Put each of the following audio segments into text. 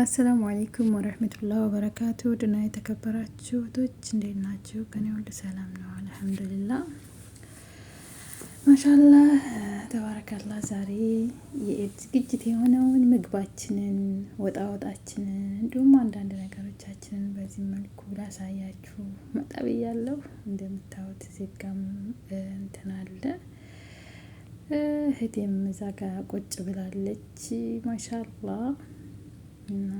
አሰላሙ አሌይኩም ወረህመቱላህ ወበረካቱ ድና የተከበራችሁ እህቶች እንዴት ናችሁ? ከኔ ሁሉ ሰላም ነው አልሐምዱሊላ ማሻላ ተባረካላ። ዛሬ የኢድ ዝግጅት የሆነውን ምግባችንን፣ ወጣ ወጣችንን እንዲሁም አንዳንድ ነገሮቻችንን በዚህ መልኩ ላሳያችሁ መጣ ብያለሁ። እንደምታዩት ዜጋም እንትን አለ እህቴም እዛ ጋ ቁጭ ብላለች ማሻላ እና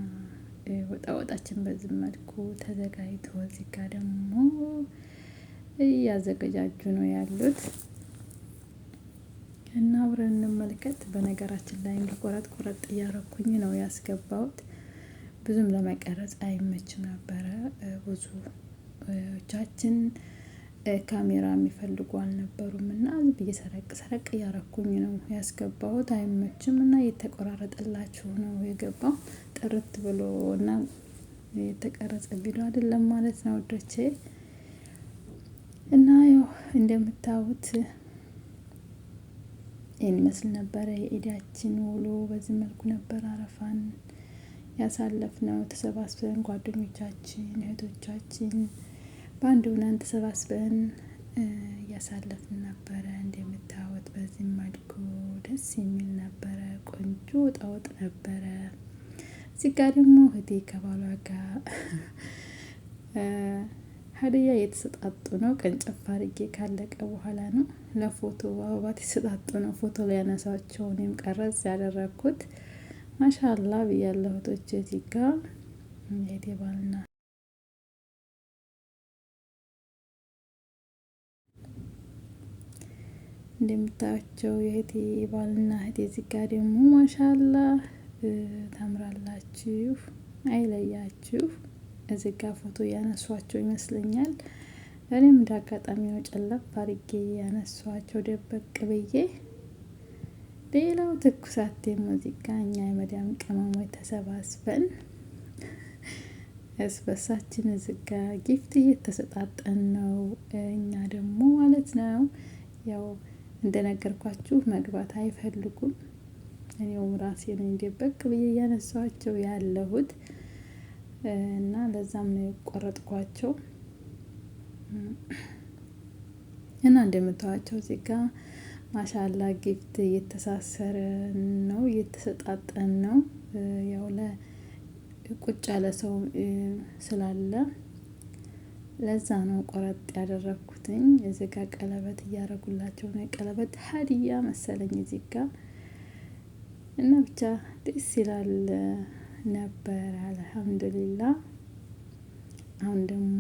ወጣ ወጣችን በዚህ መልኩ ተዘጋጅቶ እዚህ ጋር ደግሞ እያዘገጃጁ ነው ያሉት እና አብረን እንመልከት። በነገራችን ላይ ቆረጥ ቆረጥ እያረኩኝ ነው ያስገባሁት። ብዙም ለመቀረጽ አይመችም ነበረ። ብዙዎቻችን ካሜራ የሚፈልጉ አልነበሩም እና ብዬ ሰረቅ ሰረቅ እያረኩኝ ነው ያስገባሁት። አይመችም እና የተቆራረጠላችሁ ነው የገባው። ጥርት ብሎ እና የተቀረጸ ቪዲዮ አይደለም ማለት ነው ወዶቼ። እና ያው እንደምታዩት ይህን ይመስል ነበረ የኢዳችን ውሎ። በዚህ መልኩ ነበር አረፋን ያሳለፍነው። ተሰባስበን ጓደኞቻችን፣ እህቶቻችን በአንድ ሆነን ተሰባስበን እያሳለፍን ነበረ። እንደምታዩት በዚህ መልኩ ደስ የሚል ነበረ። ቆንጆ ወጣወጥ ነበረ። እዚህ ጋ ደግሞ እህቴ ከባሏ ጋር ሀዲያ የተሰጣጡ ነው። ቀንጨፍ አድርጌ ካለቀ በኋላ ነው ለፎቶ አበባት የተሰጣጡ ነው። ፎቶ ላይ ያነሳቸው እኔም ቀረጽ ያደረግኩት ማሻላ ብያለሁ። እህቶቼ እዚህ ጋ እህቴ ባልና እንደምታያቸው የእህቴ ባልና እህቴ እዚህ ጋ ደግሞ ማሻላ ታምራላችሁ አይለያችሁ። እዚህ ጋ ፎቶ ያነሷቸው ይመስለኛል። እኔም እንደ አጋጣሚ ነው ጨለፍ አድርጌ ያነሷቸው ደበቅ ብዬ። ሌላው ትኩሳት ሙዚቃ እኛ የመዳም ቅመሞች ተሰባስበን እስበሳችን ዝጋ ጊፍት እየተሰጣጠን ነው። እኛ ደግሞ ማለት ነው ያው እንደነገርኳችሁ መግባት አይፈልጉም። እኔው ራሴ ነኝ ደበቅ ብዬ እያነሳኋቸው ያለሁት እና ለዛም ነው የቆረጥኳቸው። እና እንደምታዋቸው እዚህ ጋ ማሻላ ጊፍት እየተሳሰረ ነው እየተሰጣጠን ነው። ያው ቁጭ ያለ ሰው ስላለ ለዛ ነው ቆረጥ ያደረግኩትኝ። እዚህ ጋ ቀለበት እያደረጉላቸው ነው። የቀለበት ሀዲያ መሰለኝ እዚህ ጋ እና ብቻ ደስ ይላል ነበር አልሐምዱሊላ። አሁን ደግሞ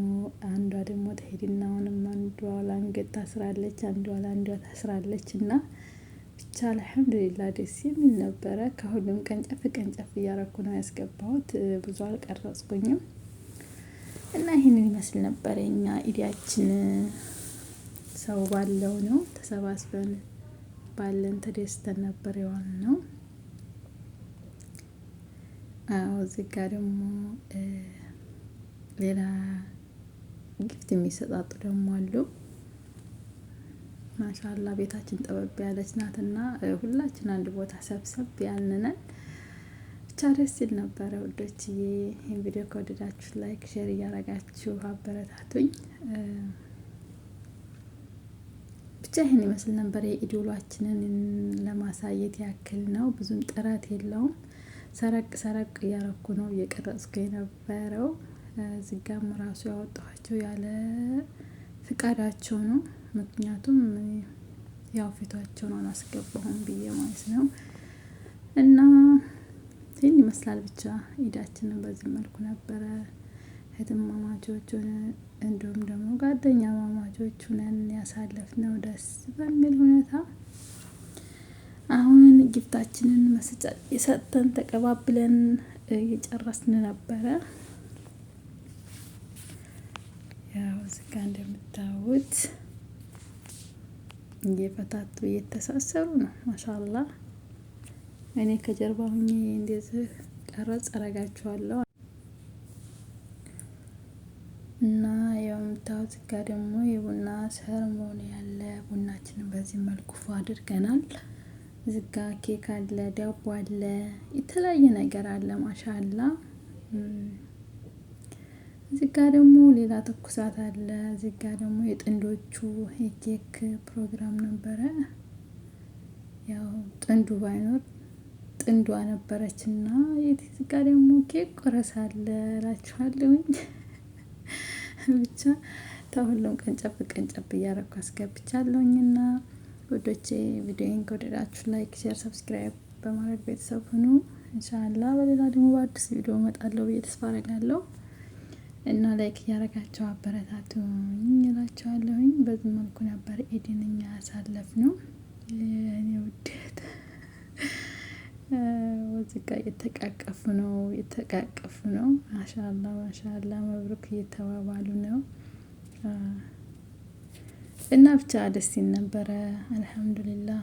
አንዷ ደግሞ ተሄድና አሁንም አንዷ ለአንገት ታስራለች፣ አንዷ ላንዷ ታስራለች እና ብቻ አልሐምዱሊላ ደስ የሚል ነበረ። ከሁሉም ቀንጨፍ ቀንጨፍ እያረኩ ነው ያስገባሁት፣ ብዙ አልቀረጽኩኝም። እና ይህንን ይመስል ነበር እኛ ኢዲያችን። ሰው ባለው ነው ተሰባስበን ባለን ተደስተን ነበር የዋል ነው። አዎ እዚህ ጋር ደግሞ ሌላ ጊፍት የሚሰጣጡ ደግሞ አሉ። ማሻላ ቤታችን ጠበብ ያለች ናትና ሁላችን አንድ ቦታ ሰብሰብ ያልንነን ብቻ ደስ ይል ነበረ። ውዶችዬ ይህን ቪዲዮ ከወደዳችሁ ላይክ፣ ሼር እያረጋችሁ አበረታቱኝ። ብቻ ይህን ይመስል ነበር የኢድ ውሏችንን ለማሳየት ያክል ነው። ብዙም ጥረት የለውም። ሰረቅ ሰረቅ እያረኩ ነው እየቀረጽኩ የነበረው። ዝጋም ራሱ ያወጣኋቸው ያለ ፍቃዳቸው ነው። ምክንያቱም ያው ፊቷቸውን አላስገባሁም ብዬ ማለት ነው። እና ይህን ይመስላል ብቻ ኢዳችንን በዚህ መልኩ ነበረ እህትማማቾች እንዲሁም ደግሞ ጓደኛ ማማቾች ሁነን ያሳለፍነው ደስ በሚል ሁኔታ አሁን ጊፍታችንን መስጫ የሰጠን ተቀባብለን እየጨረስን ነበረ። ያው እዚጋ እንደምታዩት እየፈታቱ እየተሳሰሩ ነው። ማሻላ እኔ ከጀርባ ሁኜ እንደዚህ ቀረጽ አረጋችኋለሁ እና ያው የምታዩት እዚጋ ደግሞ የቡና ሰርሞኒ ያለ ቡናችንን በዚህ መልኩ አድርገናል። ዝጋ ኬክ አለ፣ ዳቦ አለ፣ የተለያየ ነገር አለ። ማሻላ ዝጋ ደግሞ ሌላ ትኩሳት አለ። ዝጋ ደግሞ የጥንዶቹ የኬክ ፕሮግራም ነበረ። ያው ጥንዱ ባይኖር ጥንዷ ነበረች እና የዝጋ ደግሞ ኬክ ቆረስ አለ እላችኋለሁኝ። ብቻ ተሁሉም ቀንጨብ ቀንጨብ እያረኩ አስገብቻለሁኝና ውዶቼ ቪዲዮን ከወደዳችሁ ላይክ፣ ሼር፣ ሰብስክራይብ በማድረግ ቤተሰብ ሁኑ። እንሻላ በሌላ ደግሞ በአዲስ ቪዲዮ እመጣለሁ ብዬ ተስፋ አደርጋለሁ እና ላይክ እያደረጋቸው አበረታቱ እላቸዋለሁኝ። በዚህ መልኩ ነበር ኤዲን እኛ ያሳለፍ ነው። እኔ ውዴት ወዝጋ እየተቃቀፉ ነው እየተቃቀፉ ነው። ማሻላ ማሻላ መብሩክ እየተባባሉ ነው። እና ብቻ ደስ ይል ነበረ አልሐምዱሊላህ